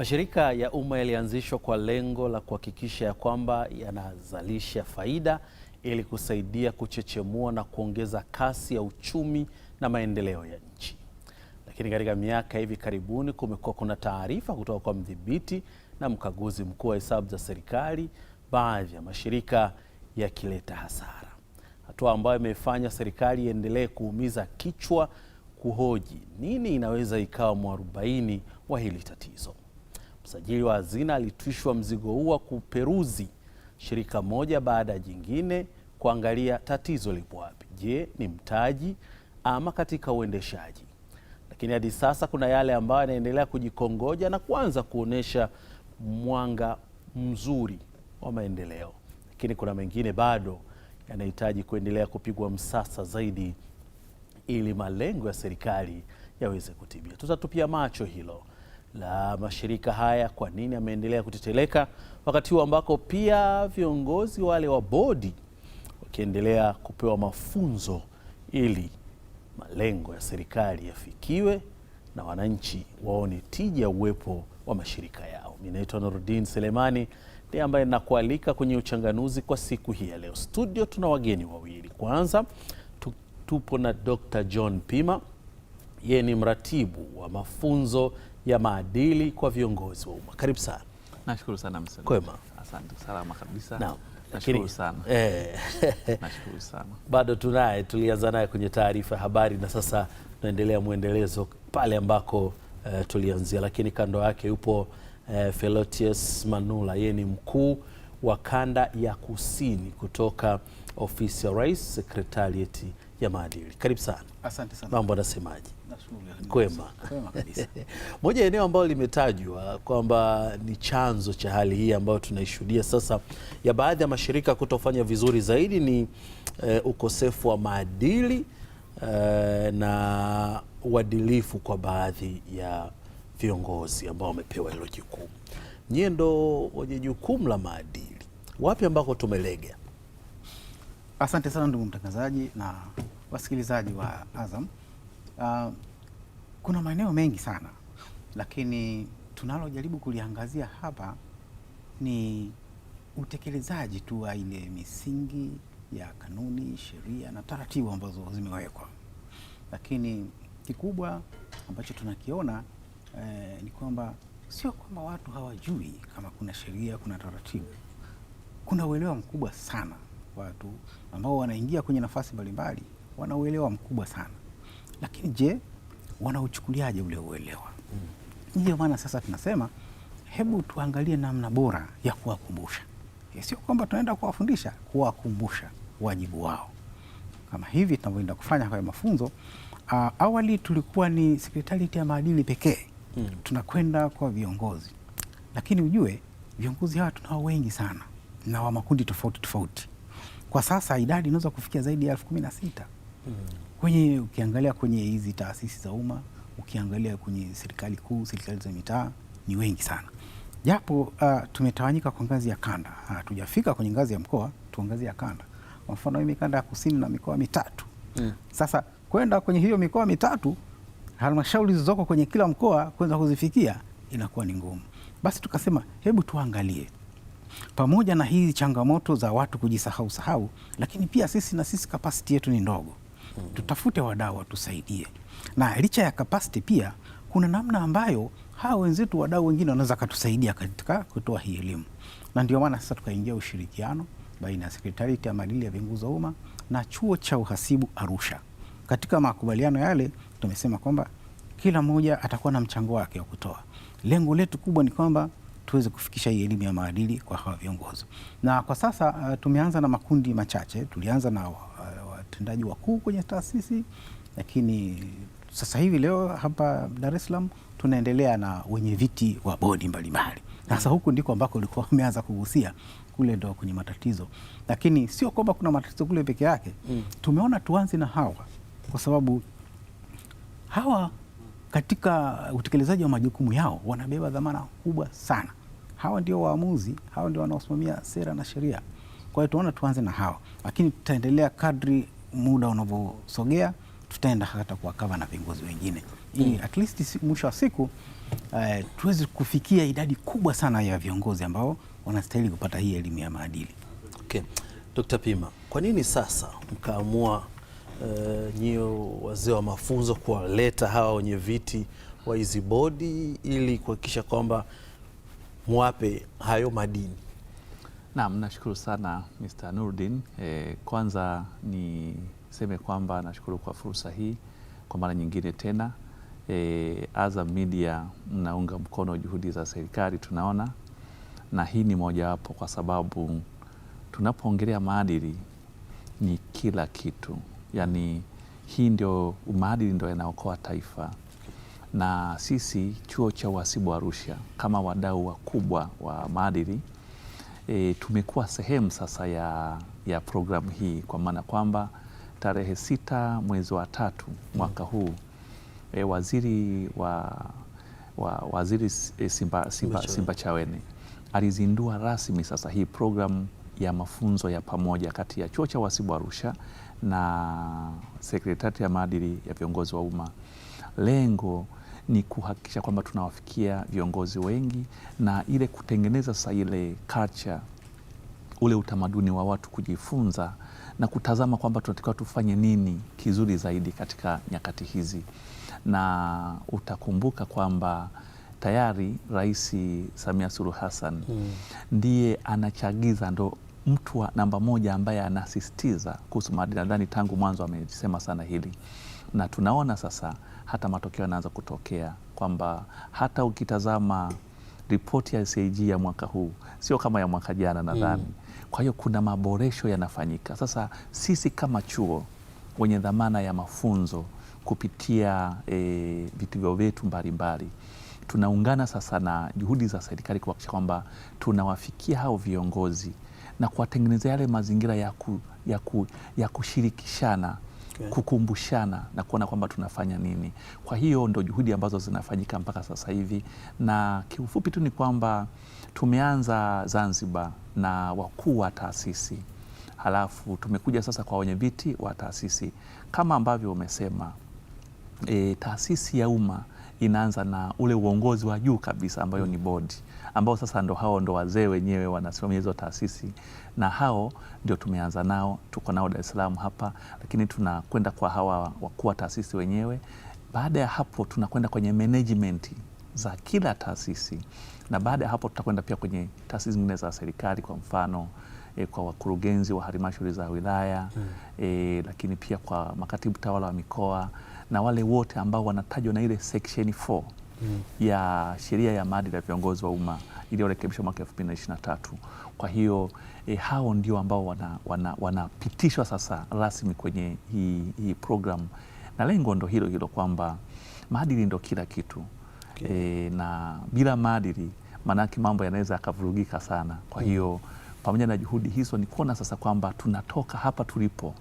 Mashirika ya umma yalianzishwa kwa lengo la kuhakikisha ya kwamba yanazalisha faida ili kusaidia kuchechemua na kuongeza kasi ya uchumi na maendeleo ya nchi. Lakini katika miaka hivi karibuni kumekuwa kuna taarifa kutoka kwa mdhibiti na mkaguzi mkuu wa hesabu za serikali, baadhi ya mashirika yakileta hasara, hatua ambayo imefanya serikali iendelee kuumiza kichwa kuhoji nini inaweza ikawa mwarobaini wa hili tatizo. Msajili wa hazina alitwishwa mzigo huo wa kuperuzi shirika moja baada ya jingine kuangalia tatizo lipo wapi. Je, ni mtaji ama katika uendeshaji? Lakini hadi sasa kuna yale ambayo yanaendelea kujikongoja na kuanza kuonyesha mwanga mzuri wa maendeleo, lakini kuna mengine bado yanahitaji kuendelea kupigwa msasa zaidi ili malengo ya serikali yaweze kutimia. Tutatupia macho hilo la mashirika haya kwa nini ameendelea kuteteleka, wakati huu ambako pia viongozi wale wa bodi wakiendelea kupewa mafunzo ili malengo ya serikali yafikiwe na wananchi waone tija uwepo wa mashirika yao. Mi naitwa Nurdin Selemani ndiye ambaye nakualika kwenye Uchanganuzi kwa siku hii ya leo. Studio tuna wageni wawili, kwanza tupo na Dr. John Pima, yeye ni mratibu wa mafunzo ya maadili kwa viongozi wa umma. Karibu sana. Nashukuru sana msanii. Kwema. Asante, salama kabisa. Naam. Nashukuru sana. Eh. Nashukuru sana. Bado tunaye, tulianza naye kwenye taarifa ya habari na sasa tunaendelea mwendelezo pale ambako uh, tulianzia, lakini kando yake yupo uh, eh, Felotius Manula, yeye ni mkuu wa kanda ya kusini kutoka ofisi ya Rais, sekretarieti ya maadili. Karibu sana. Asante sana. Mambo anasemaje? Kwema, moja ya Moja eneo ambalo limetajwa kwamba ni chanzo cha hali hii ambayo tunaishuhudia sasa ya baadhi ya mashirika kutofanya vizuri zaidi ni eh, ukosefu wa maadili eh, na uadilifu kwa baadhi ya viongozi ambao wamepewa hilo jukumu. Nyie ndo wenye jukumu la maadili, wapi ambako tumelega? Asante sana ndugu mtangazaji na wasikilizaji wa Azam. Uh, kuna maeneo mengi sana lakini tunalojaribu kuliangazia hapa ni utekelezaji tu wa ile misingi ya kanuni, sheria na taratibu ambazo zimewekwa, lakini kikubwa ambacho tunakiona eh, ni kwamba sio kwamba watu hawajui kama kuna sheria, kuna taratibu, kuna uelewa mkubwa sana. Watu ambao wanaingia kwenye nafasi mbalimbali wana uelewa mkubwa sana lakini je, wanauchukuliaje ule uelewa? Ndio maana sasa tunasema hebu tuangalie namna bora ya kuwakumbusha, eh, sio kwamba tunaenda kuwafundisha, kuwakumbusha wajibu wao, kama hivi tunavyoenda kufanya haya mafunzo. Uh, awali tulikuwa ni sekretarieti ya maadili pekee mm. Tunakwenda kwa viongozi, lakini ujue viongozi hawa tunao wengi sana na wa makundi tofauti tofauti. Kwa sasa idadi inaweza kufikia zaidi ya elfu kumi na sita mm. Kwenye ukiangalia kwenye hizi taasisi za umma, ukiangalia kwenye serikali kuu, serikali za mitaa ni wengi sana, japo uh, tumetawanyika kwa ngazi ya kanda, ah, hatujafika uh, kwenye ngazi ya mkoa, tuangazie ya kanda. Kwa mfano mimi kanda ya kusini na mikoa mitatu mm. Sasa kwenda kwenye hiyo mikoa mitatu, halmashauri zilizoko kwenye kila mkoa kwenda kuzifikia inakuwa ni ngumu. Basi tukasema hebu tuangalie pamoja na hizi changamoto za watu kujisahau sahau, lakini pia sisi na sisi kapasiti yetu ni ndogo mm. tutafute wadau watusaidie, na licha ya kapasiti pia kuna namna ambayo hawa wenzetu wadau wengine wanaweza katusaidia katika kutoa hii elimu, na ndio maana sasa tukaingia ushirikiano baina ya sekretarieti ya maadili ya vyungu umma na chuo cha uhasibu Arusha. Katika makubaliano yale tumesema kwamba kila mmoja atakuwa na mchango wake wa kutoa. Lengo letu kubwa ni kwamba tuweze kufikisha hii elimu ya maadili kwa hawa viongozi, na kwa sasa uh, tumeanza na makundi machache. Tulianza na watendaji wakuu kwenye taasisi, lakini sasa hivi leo hapa Dar es Salaam tunaendelea na wenye viti wa bodi mbalimbali. Sasa huku ndiko ambako ulikuwa umeanza kugusia, kule ndo kwenye matatizo, lakini sio kwamba kuna matatizo kule peke yake mm. Tumeona tuanze na hawa kwa sababu hawa katika utekelezaji wa majukumu yao wanabeba dhamana kubwa sana. Hawa ndio waamuzi, hawa ndio wanaosimamia sera na sheria. Kwa hiyo tunaona tuanze na hawa, lakini tutaendelea kadri muda unavyosogea tutaenda hata kuwakava na viongozi wengine ili mm. at least mwisho wa siku uh, tuweze kufikia idadi kubwa sana ya viongozi ambao wanastahili kupata hii elimu ya maadili. Okay. Dr. Pima, kwa nini sasa mkaamua uh, eh, nyio wazee wa mafunzo kuwaleta hawa wenye viti wa hizi bodi ili kuhakikisha kwamba mwape hayo madini? Naam, nashukuru sana Mr. Nurdin. E, kwanza niseme kwamba nashukuru kwa fursa hii kwa mara nyingine tena. E, Azam Media mnaunga mkono juhudi za serikali tunaona, na hii ni mojawapo kwa sababu tunapoongelea maadili ni kila kitu, yaani hii ndio maadili ndio yanaokoa taifa, na sisi chuo cha uhasibu Arusha kama wadau wakubwa wa maadili e, tumekuwa sehemu sasa ya, ya programu hii kwa maana kwamba tarehe sita mwezi wa tatu mwaka huu e, waziri wa, wa waziri e, Simba, Simba, Simba, Simba Chawene alizindua rasmi sasa hii programu ya mafunzo ya pamoja kati ya chuo cha uhasibu Arusha na sekretariati ya maadili ya viongozi wa umma lengo ni kuhakikisha kwamba tunawafikia viongozi wengi na ile kutengeneza sasa ile culture, ule utamaduni wa watu kujifunza na kutazama kwamba tunatakiwa tufanye nini kizuri zaidi katika nyakati hizi, na utakumbuka kwamba tayari Rais Samia Suluhu Hassan hmm, ndiye anachagiza, ndo mtu wa namba moja ambaye anasisitiza kuhusu maadili. Nadhani tangu mwanzo amesema sana hili na tunaona sasa hata matokeo yanaanza kutokea kwamba hata ukitazama ripoti ya CAG ya mwaka huu sio kama ya mwaka jana nadhani. Mm. Kwa hiyo kuna maboresho yanafanyika. Sasa sisi kama chuo wenye dhamana ya mafunzo kupitia e, vitivyo vyetu mbalimbali tunaungana sasa na juhudi za serikali kuhakikisha kwamba tunawafikia hao viongozi na kuwatengenezea yale mazingira ya, ku, ya, ku, ya kushirikishana okay. kukumbushana na kuona kwamba tunafanya nini. Kwa hiyo ndo juhudi ambazo zinafanyika mpaka sasa hivi, na kiufupi tu ni kwamba tumeanza Zanzibar na wakuu wa taasisi halafu tumekuja sasa kwa wenye viti wa taasisi kama ambavyo umesema e, taasisi ya umma inaanza na ule uongozi wa juu kabisa ambayo ni bodi, ambao sasa ndo hao ndo wazee wenyewe wanasimamia hizo taasisi, na hao ndio tumeanza nao, tuko nao Dar es Salaam hapa, lakini tunakwenda kwa hawa wakuu wa taasisi wenyewe. Baada ya hapo, tunakwenda kwenye management za kila taasisi, na baada ya hapo, tutakwenda pia kwenye taasisi zingine za serikali, kwa mfano E, kwa wakurugenzi wa halmashauri za wilaya hmm. E, lakini pia kwa makatibu tawala wa mikoa na wale wote ambao wanatajwa na ile section 4 mm. ya sheria ya maadili ya viongozi wa umma iliyorekebishwa mwaka 2023. Kwa hiyo e, hao ndio ambao wanapitishwa wana, wana sasa rasmi kwenye hii, hii programu na lengo ndo hilo hilo kwamba maadili ndo kila kitu okay. E, na bila maadili maanake mambo yanaweza yakavurugika sana. Kwa hiyo pamoja na juhudi hizo, ni kuona sasa kwamba tunatoka hapa tulipo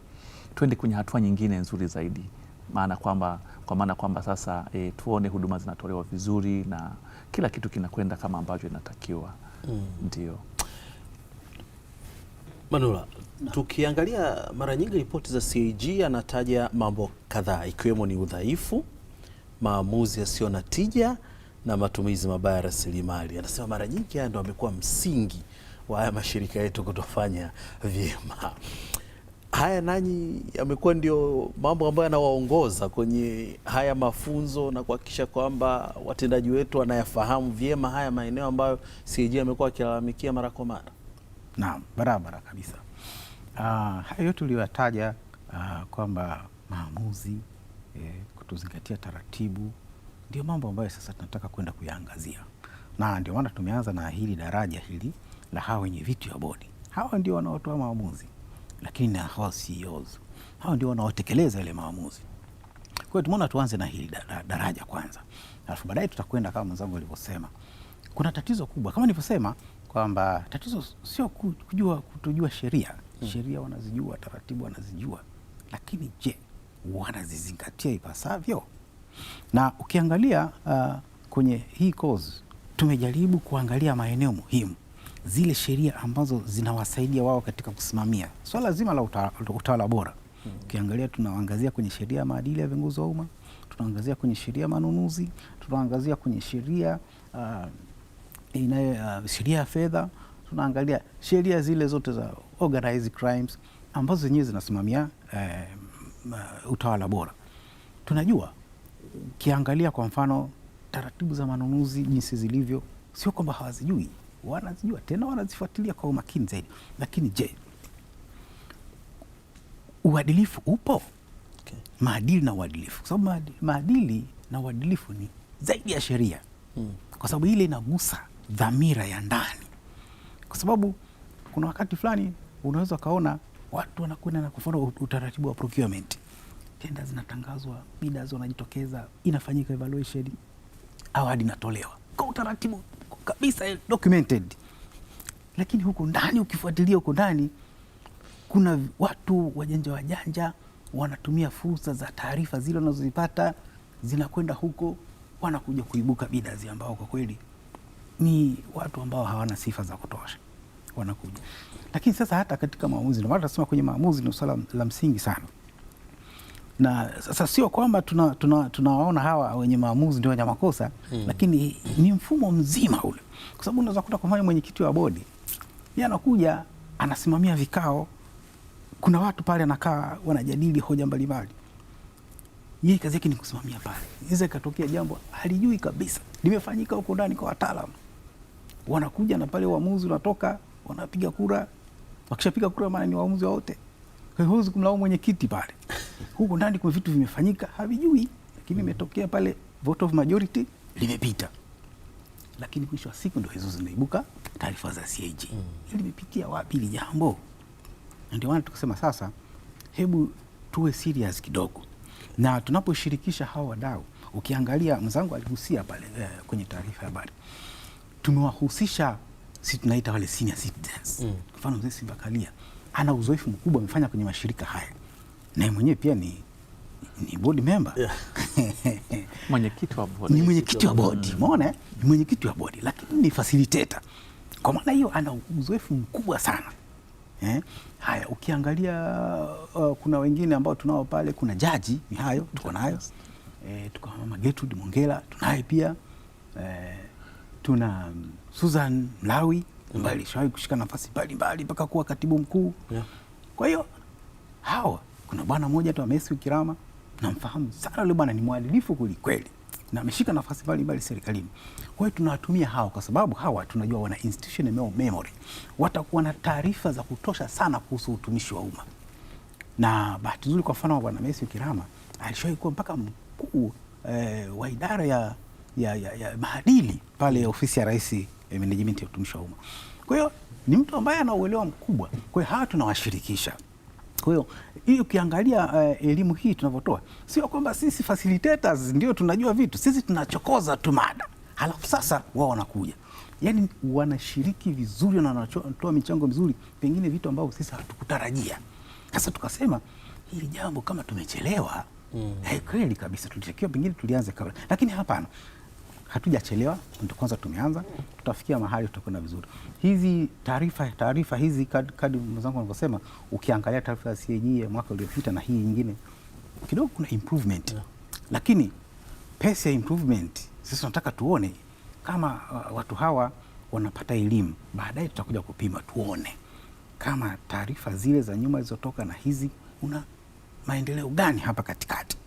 twende kwenye hatua nyingine nzuri zaidi maana kwamba kwa maana kwamba sasa e, tuone huduma zinatolewa vizuri na kila kitu kinakwenda kama ambavyo inatakiwa. Mm. Ndio Manula, tukiangalia mara nyingi ripoti za CAG anataja mambo kadhaa ikiwemo ni udhaifu, maamuzi yasiyo na tija na matumizi mabaya ya rasilimali. Anasema mara nyingi haya ndio amekuwa msingi wa haya mashirika yetu kutofanya vyema haya nanyi yamekuwa ndio mambo ambayo yanawaongoza kwenye haya mafunzo na kuhakikisha kwamba watendaji wetu wanayafahamu vyema haya maeneo ambayo CAG amekuwa akilalamikia mara kwa mara. Naam, barabara kabisa. Uh, hayo yote uliyoyataja uh, kwamba maamuzi eh, kutuzingatia taratibu ndio mambo ambayo sasa tunataka kwenda kuyaangazia, na ndio maana tumeanza na hili daraja hili la hawa wenye viti vya bodi. Hawa ndio wanaotoa maamuzi lakini na hawa CEOs hawa ndio wanaotekeleza yale maamuzi. Kwa hiyo tumeona tuanze na hili daraja kwanza, alafu baadaye tutakwenda kama mwenzangu alivyosema. Kuna tatizo kubwa kama nilivyosema kwamba tatizo sio kujua kutojua sheria hmm. Sheria wanazijua, taratibu wanazijua, lakini je, wanazizingatia ipasavyo? Na ukiangalia uh, kwenye hii kozi tumejaribu kuangalia maeneo muhimu zile sheria ambazo zinawasaidia wao katika kusimamia swala so, zima la utawala bora. Hmm. Ukiangalia tunaangazia kwenye sheria ya maadili ya viongozi wa umma, tunaangazia kwenye sheria ya manunuzi, tunaangazia kwenye sheria uh, inayo uh, sheria ya fedha, tunaangalia sheria zile zote za organized crimes ambazo zenyewe zinasimamia eh, uh, utawala bora. Tunajua ukiangalia kwa mfano taratibu za manunuzi jinsi zilivyo, sio kwamba hawazijui wanazijua tena wanazifuatilia kwa umakini zaidi. Lakini je, uadilifu upo? Okay. Maadili na uadilifu, kwa sababu maadili na uadilifu ni zaidi ya sheria hmm. Kwa sababu ile inagusa dhamira ya ndani, kwa sababu kuna wakati fulani unaweza ukaona watu wanakwenda na kufuata utaratibu wa procurement, tenda zinatangazwa, bids wanajitokeza, inafanyika evaluation, awadi inatolewa kwa utaratibu kabisa documented, lakini huko ndani ukifuatilia huko ndani kuna watu wajanja wajanja wanatumia fursa za taarifa zile wanazozipata zinakwenda huko, wanakuja kuibuka bidazi ambao kwa kweli ni watu ambao hawana sifa za kutosha wanakuja. Lakini sasa hata katika maamuzi, ndio maana tunasema kwenye maamuzi ni swala la msingi sana na sasa sio kwamba tunawaona tuna, tuna hawa wenye maamuzi ndio wenye makosa hmm. Lakini ni mfumo mzima ule, kwa sababu unaweza kuta kwa mfano mwenyekiti wa bodi yeye anakuja anasimamia vikao, kuna watu pale anakaa wanajadili hoja mbalimbali, yeye kazi yake ni kusimamia pale. Iza ikatokea jambo halijui kabisa limefanyika huko ndani kwa wataalamu, wanakuja na pale uamuzi unatoka, wanapiga kura, wakishapiga kura maana ni waamuzi wote wa huwezi kumlaumu mwenyekiti pale. Huko ndani kuna vitu vimefanyika havijui, lakini imetokea mm. pale vote of majority limepita, lakini mwisho wa siku ndo hizo zinaibuka taarifa za CAG mm. limepitia wapi hili jambo? Ndio maana tukasema sasa, hebu tuwe serious kidogo na tunaposhirikisha hawa wadau. Ukiangalia mwenzangu aligusia pale uh, kwenye taarifa ya habari tumewahusisha, si tunaita wale senior citizens, mm. mfano mzee Sibakalia ana uzoefu mkubwa, amefanya kwenye mashirika haya na mwenyewe pia ni ni board member yeah. mwenyekiti wa bodi ni mwenyekiti wa bodi umeona, eh? ni mwenyekiti wa board lakini ni facilitator. Kwa maana hiyo ana uzoefu mkubwa sana eh? Haya, ukiangalia uh, kuna wengine ambao tunao pale, kuna jaji ni hayo tuko nayo eh, tuko mama Gertrude Mongela tunaye pia eh, tuna mm, Susan Mlawi mbali mm. Alishawahi kushika nafasi mbalimbali mpaka kuwa katibu mkuu yeah. Kwa hiyo hawa kuna bwana mmoja tu amesi Kirama namfahamu sana yule bwana ni mwadilifu kwelikweli na ameshika nafasi mbalimbali serikalini. Kwa hiyo tunawatumia hawa kwa sababu hawa tunajua wana institutional memory, watakuwa na taarifa za kutosha sana kuhusu utumishi wa umma. Na bahati nzuri, kwa mfano bwana Messi Kirama alishawahi kuwa mpaka mkuu eh, wa idara ya, ya, ya, ya maadili pale ofisi ya rais management ya utumishi wa umma. Kwa hiyo ni mtu ambaye ana uelewa mkubwa, kwa hiyo hawa tunawashirikisha. Kwa hiyo hii ukiangalia uh, elimu hii tunavyotoa, sio kwamba sisi facilitators ndio tunajua vitu, sisi tunachokoza tu mada, halafu sasa wao wanakuja yaani wanashiriki vizuri na wanatoa michango mizuri, pengine vitu ambavyo sisi hatukutarajia. Sasa tukasema hili jambo kama tumechelewa mm. Hey, eh, kweli kabisa tulitakiwa pengine tulianze kabla, lakini hapana hatujachelewa, kwanza tumeanza, tutafikia mahali tutakwenda vizuri. Hizi taarifa taarifa hizi kadi mwenzangu anavyosema, ukiangalia taarifa ya CAG ya mwaka uliopita na hii nyingine kidogo kuna improvement yeah. Lakini pesa ya improvement sisi tunataka tuone kama uh, watu hawa wanapata elimu, baadaye tutakuja kupima tuone kama taarifa zile za nyuma zilizotoka na hizi kuna maendeleo gani hapa katikati.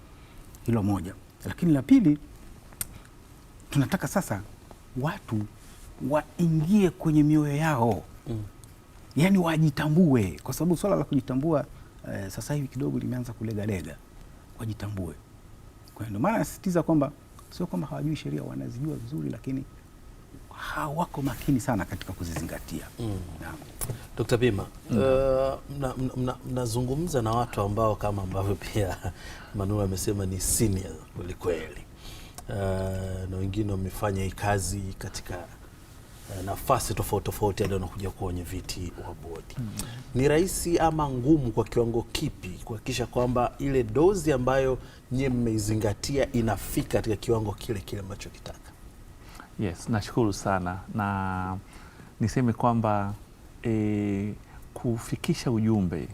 Hilo moja, lakini la pili tunataka sasa watu waingie kwenye mioyo yao mm. Yani wajitambue, kwa sababu swala la kujitambua eh, sasa hivi kidogo limeanza kulegalega. Wajitambue, kwa ndio maana nasisitiza kwamba sio kwamba hawajui sheria, wanazijua vizuri, lakini hawako makini sana katika kuzizingatia. mm. Dkt. Bima, mm. uh, mnazungumza na watu ambao kama ambavyo pia Manula amesema ni senior kwelikweli Eh, na wengine wamefanya hii kazi katika uh, nafasi tofauti tofauti hadi wanakuja kuwa wenye viti wa bodi mm -hmm. Ni rahisi ama ngumu kwa kiwango kipi kuhakikisha kwamba ile dozi ambayo nyie mmeizingatia inafika katika kiwango kile kile ambacho kitaka? Yes, nashukuru sana na niseme kwamba e, kufikisha ujumbe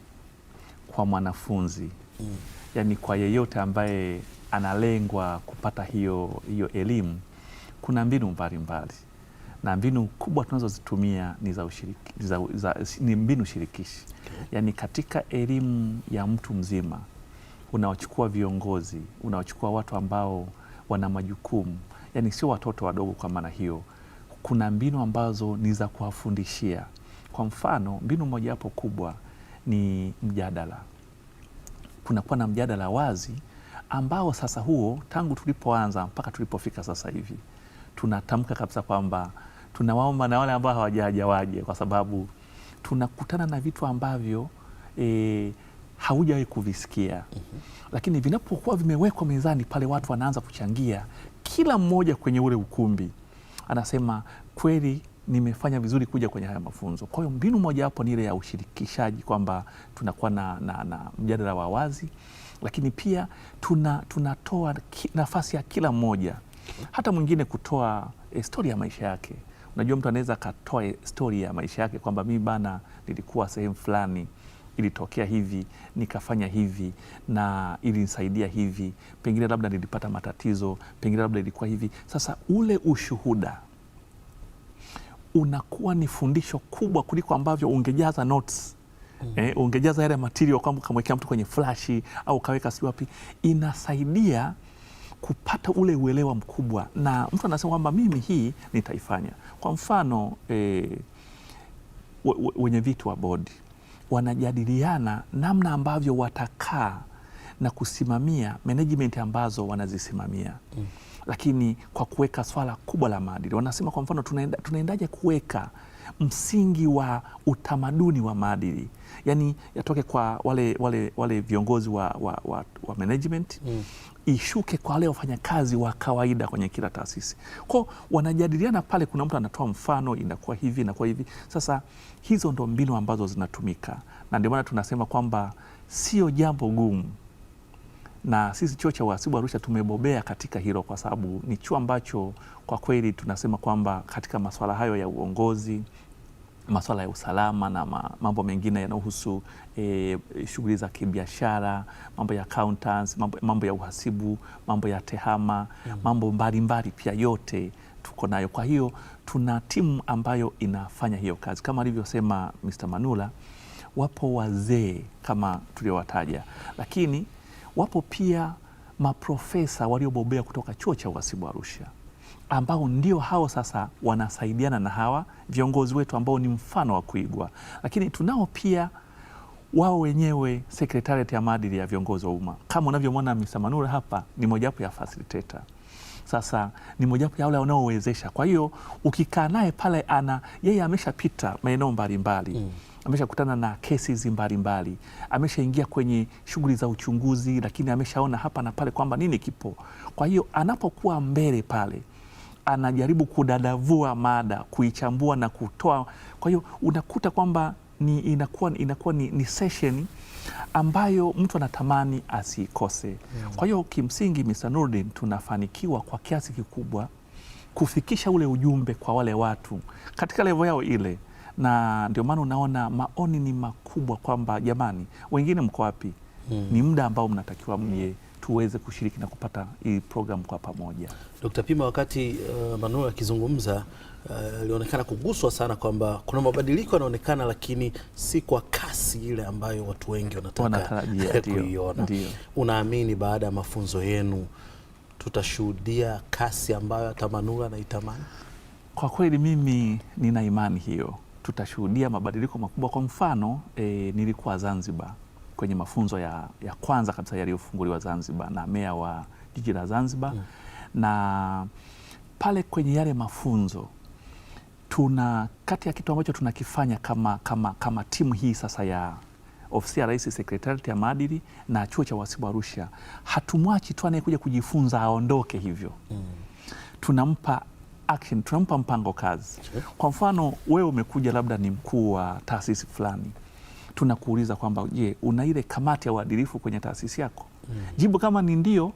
kwa mwanafunzi mm. Yani kwa yeyote ambaye analengwa kupata hiyo, hiyo elimu, kuna mbinu mbalimbali na mbinu kubwa tunazozitumia ni, za ushiriki, za, za, ni mbinu shirikishi okay. Yaani katika elimu ya mtu mzima unawachukua viongozi, unawachukua watu ambao wana majukumu, yaani sio watoto wadogo. Kwa maana hiyo, kuna mbinu ambazo ni za kuwafundishia. Kwa mfano, mbinu mojawapo kubwa ni mjadala. Kunakuwa na mjadala wazi ambao sasa huo tangu tulipoanza mpaka tulipofika sasa hivi tunatamka kabisa kwamba tunawaomba na wale ambao hawajaja waje, kwa sababu tunakutana na vitu ambavyo e, haujawahi kuvisikia mm -hmm. Lakini vinapokuwa vimewekwa mezani pale, watu wanaanza kuchangia, kila mmoja kwenye ule ukumbi anasema kweli nimefanya vizuri kuja kwenye haya mafunzo. Kwa hiyo mbinu moja ni ile ya ushirikishaji, kwamba tunakuwa na, na, na mjadala wa wazi lakini pia tuna, tunatoa nafasi ya kila mmoja, hata mwingine kutoa e, eh, stori ya maisha yake. Unajua, mtu anaweza akatoa eh, stori ya maisha yake kwamba mimi bana, nilikuwa sehemu fulani ilitokea hivi nikafanya hivi na ilinisaidia hivi, pengine labda nilipata matatizo, pengine labda ilikuwa hivi. Sasa ule ushuhuda unakuwa ni fundisho kubwa kuliko ambavyo ungejaza notes mm. Eh, ungejaza yale material kama ukamwekea mtu kwenye flashi au ukaweka si wapi, inasaidia kupata ule uelewa mkubwa, na mtu anasema kwamba mimi hii nitaifanya. Kwa mfano eh, wenye viti wa bodi wanajadiliana namna ambavyo watakaa na kusimamia management ambazo wanazisimamia mm. Lakini kwa kuweka swala kubwa la maadili, wanasema kwa mfano, tunaenda, kuweka msingi wa utamaduni wa maadili, yani yatoke kwa wale, wale, wale viongozi wa, wa, wa, wa management mm. Ishuke kwa wale wafanyakazi wa kawaida kwenye kila taasisi. Kwao wanajadiliana pale, kuna mtu anatoa mfano, inakuwa hivi, inakuwa hivi. Sasa hizo ndo mbinu ambazo zinatumika, na ndio maana tunasema kwamba sio jambo gumu, na sisi chuo cha uhasibu Arusha tumebobea katika hilo, kwa sababu ni chuo ambacho kwa kweli tunasema kwamba katika masuala hayo ya uongozi masuala ya usalama na mambo mengine yanayohusu e, shughuli za kibiashara, mambo ya accountants, mambo, mambo ya uhasibu, mambo ya tehama mm -hmm. mambo mbalimbali pia yote tuko nayo. Kwa hiyo tuna timu ambayo inafanya hiyo kazi kama alivyosema Mr. Manula, wapo wazee kama tuliowataja, lakini wapo pia maprofesa waliobobea kutoka chuo cha uhasibu Arusha ambao ndio hao sasa wanasaidiana na hawa viongozi wetu ambao ni mfano wa kuigwa, lakini tunao pia wao wenyewe sekretariat ya maadili ya viongozi wa umma. Kama unavyomwona Mr. hapa ni mojawapo ya facilitator. Sasa ni mojawapo ya wale wanaowezesha. Kwa hiyo ukikaa naye pale, ana yeye ameshapita maeneo mbalimbali mm. Ameshakutana na kesi mbalimbali, ameshaingia kwenye shughuli za uchunguzi, lakini ameshaona hapa na pale kwamba nini kipo. Kwa hiyo anapokuwa mbele pale anajaribu kudadavua mada, kuichambua na kutoa. Kwa hiyo unakuta kwamba ni inakuwa, inakuwa ni, ni sesheni ambayo mtu anatamani asiikose. Yeah. Kwa hiyo kimsingi, Mr. Nurdin, tunafanikiwa kwa kiasi kikubwa kufikisha ule ujumbe kwa wale watu katika levo yao ile, na ndio maana unaona maoni ni makubwa kwamba jamani, wengine mko wapi? Mm. Ni muda ambao mnatakiwa mje. Mm tuweze kushiriki na kupata hii program kwa pamoja. Dr. Pima, wakati uh, Manuel akizungumza alionekana uh, kuguswa sana kwamba kuna mabadiliko yanaonekana, lakini si kwa kasi ile ambayo watu wengi wanataka kuiona. Unaamini baada ya mafunzo yenu tutashuhudia kasi ambayo hata Manuel anaitamani? Kwa kweli mimi nina imani hiyo, tutashuhudia mabadiliko makubwa. Kwa mfano eh, nilikuwa Zanzibar kwenye mafunzo ya, ya kwanza kabisa yaliyofunguliwa Zanzibar na meya wa jiji la Zanzibar mm. na pale kwenye yale mafunzo tuna kati ya kitu ambacho tunakifanya kama, kama, kama timu hii sasa ya ofisi ya Rais Sekretarieti ya maadili na chuo cha uhasibu Arusha, hatumwachi tu anayekuja kujifunza aondoke hivyo mm. tunampa action, tunampa mpango kazi. Kwa mfano wewe umekuja labda ni mkuu wa taasisi fulani tunakuuliza kwamba je, una ile kamati ya uadilifu kwenye taasisi yako? mm. Jibu kama ni ndio,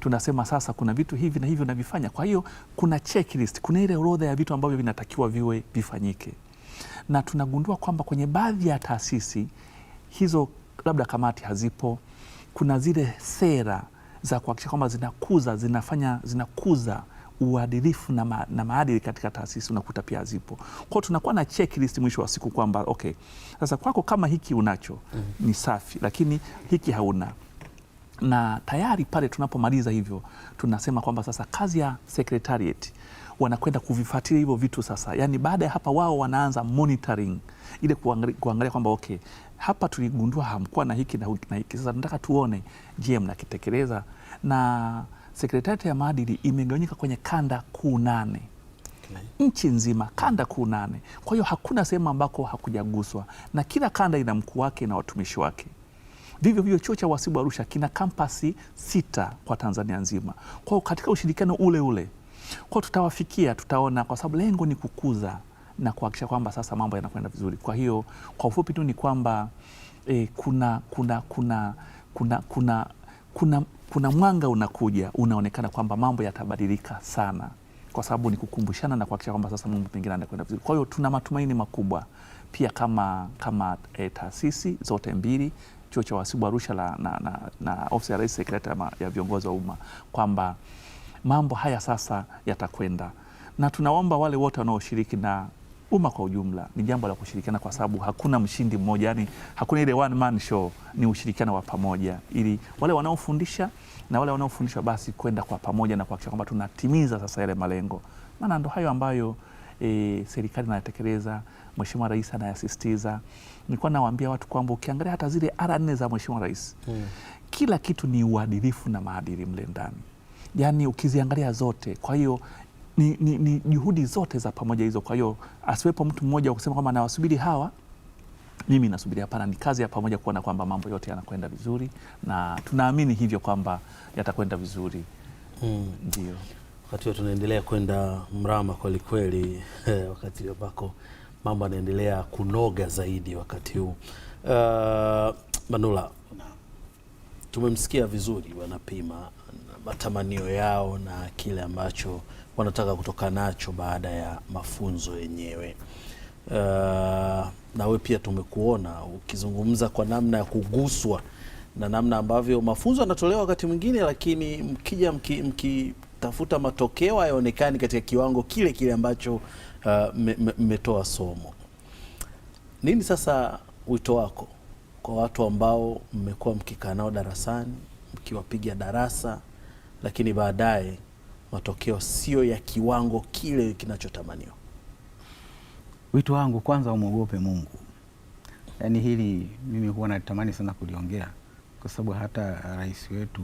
tunasema sasa kuna vitu hivi na hivi unavifanya. Kwa hiyo kuna checklist, kuna ile orodha ya vitu ambavyo vinatakiwa viwe vifanyike, na tunagundua kwamba kwenye baadhi ya taasisi hizo labda kamati hazipo. Kuna zile sera za kuhakikisha kwamba zinakuza zinafanya zinakuza uadilifu na, ma, na maadili katika taasisi unakuta pia zipo. Kwa hiyo tunakuwa na checklist mwisho wa siku kwamba okay, sasa kwako kama hiki unacho mm -hmm. ni safi, lakini hiki hauna na tayari pale tunapomaliza hivyo tunasema kwamba sasa kazi ya secretariat wanakwenda kuvifuatilia hivyo vitu sasa, yani baada ya hapa wao wanaanza monitoring ile kuangalia, kuangalia kwamba okay, hapa tuligundua hamkuwa na hiki na hiki, sasa tunataka tuone, je, mnakitekeleza na sekretariati ya maadili imegawanyika kwenye kanda kuu nane nchi nzima, kanda kuu nane. Kwa hiyo hakuna sehemu ambako hakujaguswa, na kila kanda ina mkuu wake na watumishi wake. Vivyo hivyo chuo cha uhasibu Arusha kina kampasi sita kwa Tanzania nzima, kwao katika ushirikiano ule ule kwao tutawafikia, tutaona, kwa sababu lengo ni kukuza na kuhakikisha kwamba sasa mambo yanakwenda vizuri. Kwa hiyo kwa ufupi tu ni kwamba e, kuna kuna kuna kuna kuna kuna kuna mwanga unakuja, unaonekana kwamba mambo yatabadilika sana, kwa sababu ni kukumbushana na kuhakikisha kwamba sasa mambo pengine anakwenda vizuri. Kwa hiyo tuna matumaini makubwa pia kama, kama e, taasisi zote mbili chuo cha uhasibu Arusha na, na, na, na ofisi ya Rais Sekretarieti ya viongozi wa umma kwamba mambo haya sasa yatakwenda, na tunaomba wale wote wanaoshiriki na umma kwa ujumla ni jambo la kushirikiana, kwa sababu hakuna mshindi mmoja, yani hakuna ile one man show, ni ushirikiano wa pamoja, ili wale wanaofundisha na wale wanaofundishwa basi kwenda kwa pamoja na kuhakikisha kwamba tunatimiza sasa yale malengo, maana ndo hayo ambayo e, serikali inatekeleza. Mheshimiwa Rais anayasisitiza. Nilikuwa nawaambia watu kwamba ukiangalia hata zile ara nne za Mheshimiwa Rais hmm. kila kitu ni uadilifu na maadili mle ndani, yani ukiziangalia zote. Kwa hiyo ni, ni, ni juhudi zote za pamoja hizo. Kwa hiyo asiwepo mtu mmoja wa kusema kwamba nawasubiri hawa mimi nasubiri. Hapana, ni kazi ya pamoja kuona kwamba mambo yote yanakwenda vizuri, na tunaamini hivyo kwamba yatakwenda vizuri. Hmm. Ndio mm. Wakati huo tunaendelea kwenda mrama kwelikweli, eh, wakati ambako mambo yanaendelea kunoga zaidi wakati huu. Uh, Manula, tumemsikia vizuri, wanapima matamanio yao na kile ambacho wanataka kutoka nacho baada ya mafunzo yenyewe. Uh, na we pia tumekuona ukizungumza kwa namna ya kuguswa na namna ambavyo mafunzo yanatolewa wakati mwingine, lakini mkija mkitafuta mki matokeo hayaonekani katika kiwango kile kile ambacho uh, mmetoa uh, somo. Nini sasa wito wako kwa watu ambao mmekuwa mkikaa nao darasani mkiwapiga darasa, lakini baadaye matokeo sio ya kiwango kile kinachotamaniwa. Wito wangu kwanza, umwogope Mungu. Yaani hili mimi huwa natamani sana kuliongea kwa sababu hata rais wetu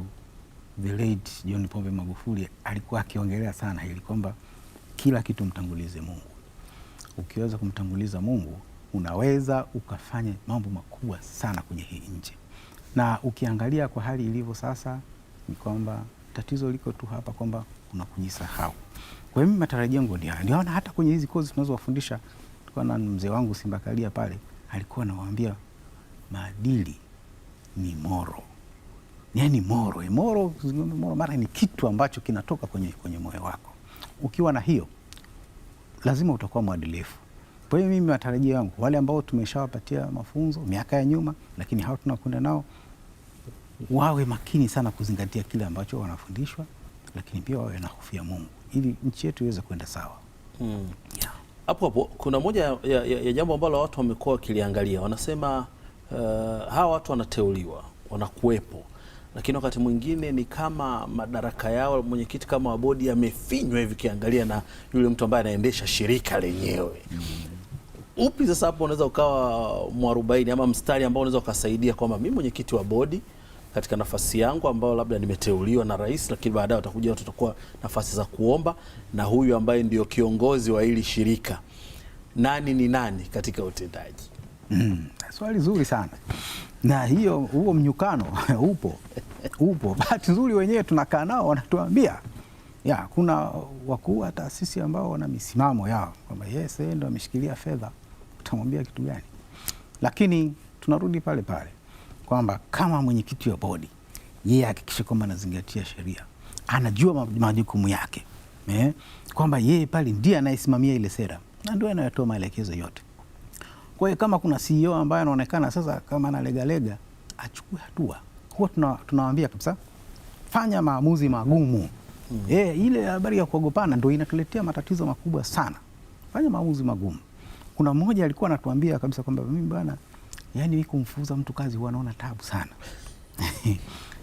the late John Pombe Magufuli alikuwa akiongelea sana hili kwamba kila kitu mtangulize Mungu. Ukiweza kumtanguliza Mungu unaweza ukafanya mambo makubwa sana kwenye hii nchi, na ukiangalia kwa hali ilivyo sasa ni kwamba tatizo liko tu hapa kwamba kuna kujisahau. Kwa hiyo mimi matarajio yangu ndio naona hata kwenye hizi kozi tunazowafundisha, na mzee wangu Simba Kalia pale alikuwa anawaambia maadili ni moro, yani moro eh, moro moro, mara ni kitu ambacho kinatoka kwenye, kwenye moyo wako. Ukiwa na hiyo lazima utakuwa mwadilifu. Kwa hiyo mimi matarajio yangu wale ambao tumeshawapatia mafunzo miaka ya nyuma, lakini hao tunakwenda nao wawe makini sana kuzingatia kile ambacho wanafundishwa, lakini pia wawe na hofu ya Mungu ili nchi yetu iweze kwenda sawa. Mm. Yeah. Hapo kuna moja ya, ya, ya jambo ambalo watu wamekuwa wakiliangalia, wanasema uh, hawa watu wanateuliwa, wanakuwepo, lakini wakati mwingine ni kama madaraka yao, mwenyekiti kama wa bodi yamefinywa hivi, kiangalia na yule mtu ambaye anaendesha shirika lenyewe mm. Upi sasa hapo unaweza ukawa mwarobaini ama mstari ambao unaweza ukasaidia kwamba mimi mwenyekiti wa bodi katika nafasi yangu ambayo labda nimeteuliwa na rais, lakini baadaye watakuja watu watakuwa nafasi za kuomba, na huyu ambaye ndio kiongozi wa hili shirika, nani ni nani katika utendaji? Mm, swali zuri sana na hiyo, huo mnyukano upo upo. Bahati nzuri wenyewe tunakaa nao wanatuambia ya, kuna wakuu wa taasisi ambao wana misimamo yao kwamba yeye ndo ameshikilia fedha, utamwambia kitu gani? Lakini tunarudi pale pale kwamba kama mwenyekiti wa bodi yeye ahakikishe kwamba anazingatia sheria, anajua majukumu yake eh, kwamba yeye pale ndiye anayesimamia ile sera na ndio anayotoa maelekezo yote. Kwa hiyo kama kuna CEO ambaye anaonekana sasa kama analegalega, achukue hatua. Huwa tunawaambia kabisa, fanya maamuzi magumu. Mm. E, ile habari ya kuogopana ndio inatuletea matatizo makubwa sana. Fanya maamuzi magumu. Kuna mmoja alikuwa anatuambia kabisa kwamba mimi bwana, yani kumfuza mtu kazi huwa naona tabu sana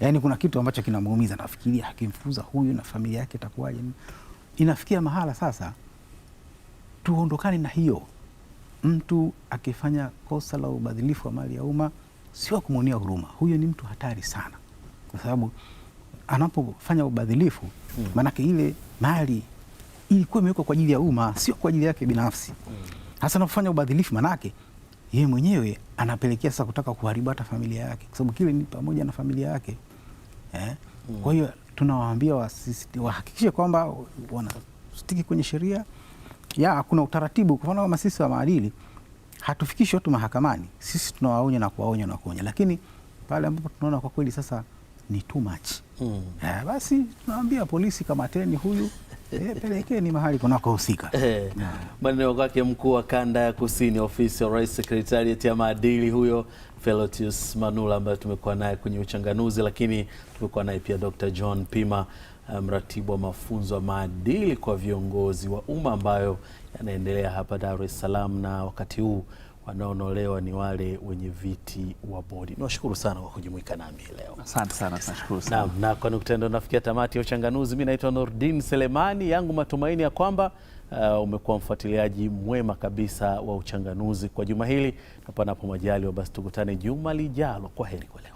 yani kuna kitu ambacho kinamuumiza, nafikiria akimfuza huyu na familia yake itakuwaje? Inafikia mahala sasa tuondokane na hiyo. Mtu akifanya kosa la ubadhilifu wa mali ya umma, sio kumwonea huruma, huyo ni mtu hatari sana, kwa sababu anapofanya ubadhilifu hmm. maanake ile mali ilikuwa imewekwa kwa ajili ya umma, sio kwa ajili yake binafsi. Hmm. Hasa anapofanya ubadhilifu maanake yeye mwenyewe anapelekea sasa kutaka kuharibu hata familia yake, kwa sababu kile ni pamoja na familia yake eh? mm. Kwa hiyo tunawaambia wahakikishe kwamba wanastiki kwenye sheria ya kuna utaratibu. Kwa mfano kama sisi wa maadili hatufikishi watu mahakamani, sisi tunawaonya na kuwaonya na kuonya, lakini pale ambapo tunaona kwa kweli sasa ni too much mm. eh, basi tunawaambia polisi, kamateni huyu Eh, pelekee ni mahali kunakohusika. Eh, maneno kwake mkuu wa kanda ya kusini, ofisi ya Rais, sekretariat ya maadili, huyo Felotius Manula ambaye tumekuwa naye kwenye uchanganuzi, lakini tumekuwa naye pia Dr. John Pima eh, mratibu wa mafunzo ya maadili kwa viongozi wa umma ambayo yanaendelea hapa Dar es Salaam na wakati huu wanaonolewa ni wale wenye viti wa bodi. Niwashukuru sana kwa kujumuika nami leo. Asante sana, nashukuru sana. Na, na kwa nukta ndo nafikia tamati ya uchanganuzi. Mimi naitwa Nordin Selemani, yangu matumaini ya kwamba uh, umekuwa mfuatiliaji mwema kabisa wa uchanganuzi kwa juma hili, na panapo majaliwa basi tukutane juma lijalo. Kwa heri kwa leo.